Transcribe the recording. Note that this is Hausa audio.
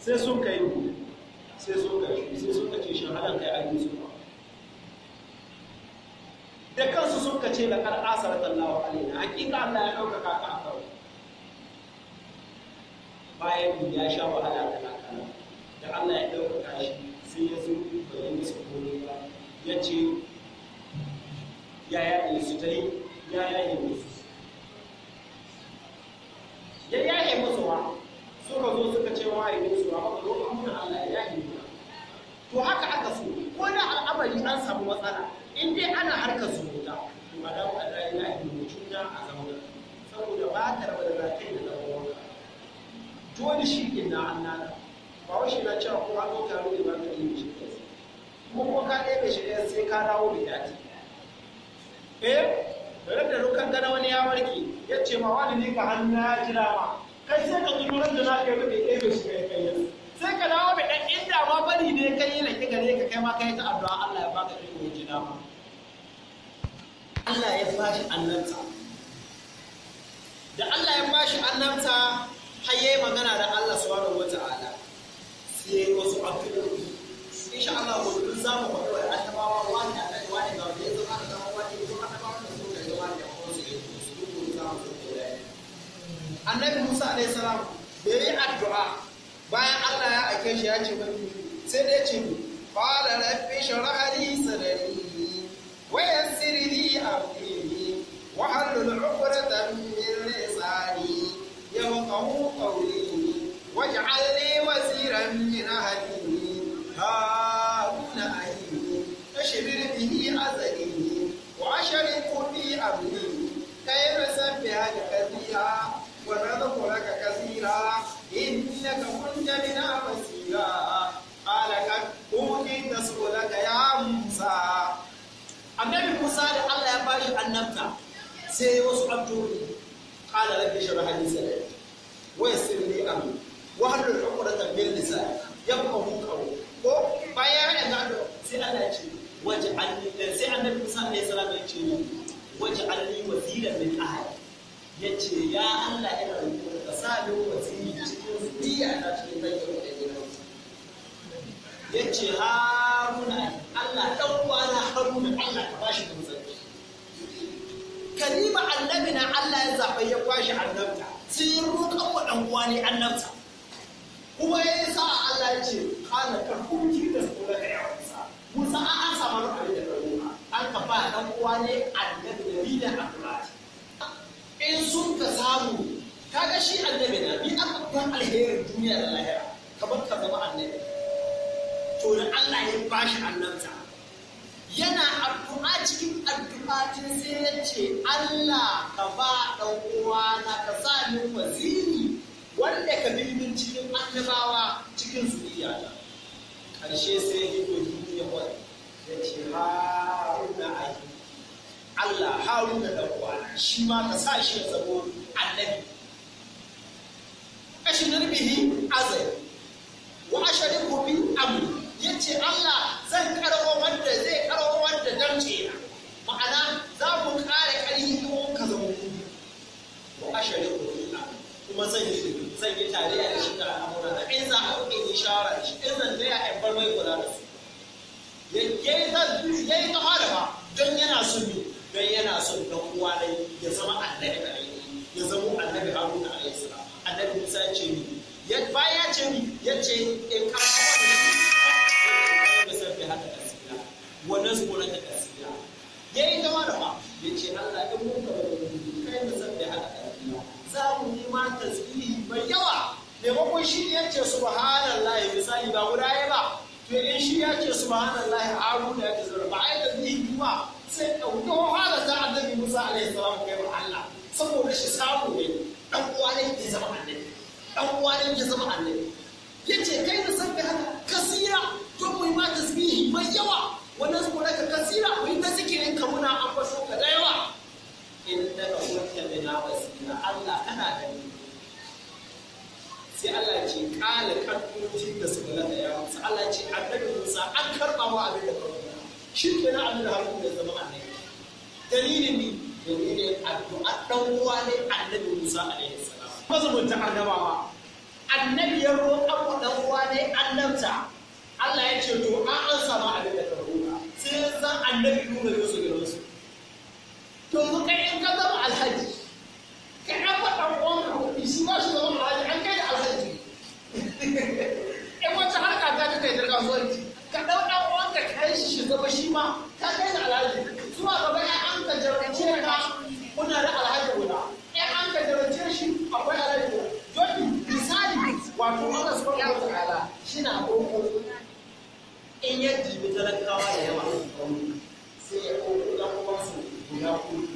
sai sun kai yi sai sun kai yi sai sun kace shi halan kai aiki su ba da kansu sun kace la kar asarat Allahu alina hakika Allah ya dauka ka kan kawo bayan ya sha wahala da kana da Allah ya dauka shi sai ya zo bayan da su kone ba ce yaya ne su yi yaya ne su to haka aka so ko da al'amari an samu matsala in dai ana harkar zumunta to a dawo a zai na da juna a zauna saboda ba ta raba da zakai da zama wanka dole shi ke na annana ba wa shi na cewa ko an ɗauka taro da ba ka yi shi kuma ko ka ɗebe shi ɗaya sai ka dawo da yaki eh bari da rukan gana wani ya warke ya ce ma wani ne ka hannu na jira ma kai sai ka zuru ran da na kai ɗaya shi shirya kai sai ka dawo mai ɗan ma bari ne ka yi laƙi gare ka kai ma ka yi ta addu'a Allah ya baka iko ya ji dama Allah ya bashi annabta da Allah ya bashi annabta har yayi magana da Allah su wata ala. sai yayi wasu abubuwa. insha Allah ko duk za mu faɗo ta ba wa wani a ɗan wani ga wani zama da zama wani zama da wani su suka wani da kuma su yi su rubuta su da annabi Musa alaihi salam bai yi addu'a tambaye shi ya ce bari sai da ya ce ni qala rabbi shrah li sadri wa yassir li amri wa halul 'uqdatan min lisani yafqahu qawli waj'al li waziran min ahli haruna ahli ashrir bihi azri wa ashriku fi amri كيف نسبحك كثيرا ونذكرك كثيرا إنك كنت بنا Musa annabi Musa da Allah ya bashi annabta sai wasu addu'o'i qala rabbi shrah li sadri wa yassir li ko bayan ya sai Allah ya ce sai annabi Musa ya Allah ina ka sa ni cikin zuriya cikin da haruna Allah ɗan uwana Haruna Allah ka bashi da musulunci kalima annabi na Allah ya zaɓa ya kwashe annabta sun yi roƙon wa ɗan uwa ne annabta kuma ya yi sa Allah ya ce kana ka hukunci da su da yawa Musa an an samu abin da ɗan an ka ba ɗan uwa ne annabi da bi da Abdullahi in sun ka samu kaga shi annabi na bi aka ban alherin duniya da lahira bar ka zama annabi to da Allah ya bashi annabta yana addu'a cikin addu'a tun sai ya ce Allah ka ba ɗan uwana ka sa min waziri wanda ka bilbin cikin annabawa cikin zuriya ƙarshe sai ya hito ya kwari ya ce haruna ahi Allah haruna da uwana shi ma ka sa shi ya zamo annabi kashin rubihi azai wa ashariku bi ya ce Allah zan karɓo wani komai kula da su ya yi ta fara don yana son ne don yana son dan kuwa dai ya zama annabi alaihi ya zama annabi haruna alaihi salam annabi musa ya ce ni ya baya ce ni ya ce in ka kawo da sabbi haka tasira wa nazkura ta tasira ya yi ta fara ya ce Allah in mun ka bada kai da sabbi haka tasira za mu yi ma tasbihi mai yawa maimakon shi ne ya ce subhanallahi misali ba guda ya ba to shi ya ce subhanallahi aru da ya zura ba ai da zai yi ba sai ɗauki wahala ta adabi Musa alaihi salam kai wa Allah saboda shi samu ne ɗan uwa ne ke zama annabi dan uwa ne ke zama annabi yace kai da sabbi ce kala kalmomin da su balaga ya musu Allah ce Musa an karɓa wa abin da kawo shi ke na abin da harkar da zama annabi dalilin ne addu'a dan uwa ne annabi Musa alaihi salam mazumunta annabawa annabi ya roƙa wa dan uwa ne annabta Allah ya ce to an an samu abin da kawo sai zan annabi nuna yusuf gidansu to muka in ka zama alhaji kasuwanci ka ɗau ɗan uwanka ka shi shi zama shi ma ka kai shi alhaji zuwa gaba ya an ka jarumce ka kuna da alhaji guda ya an ka jarumce shi akwai alhaji guda don misali wato su subhanahu wa ta'ala shi na koko in ya jibi talakawa da yawa sai ya koko ɗan su guda kuma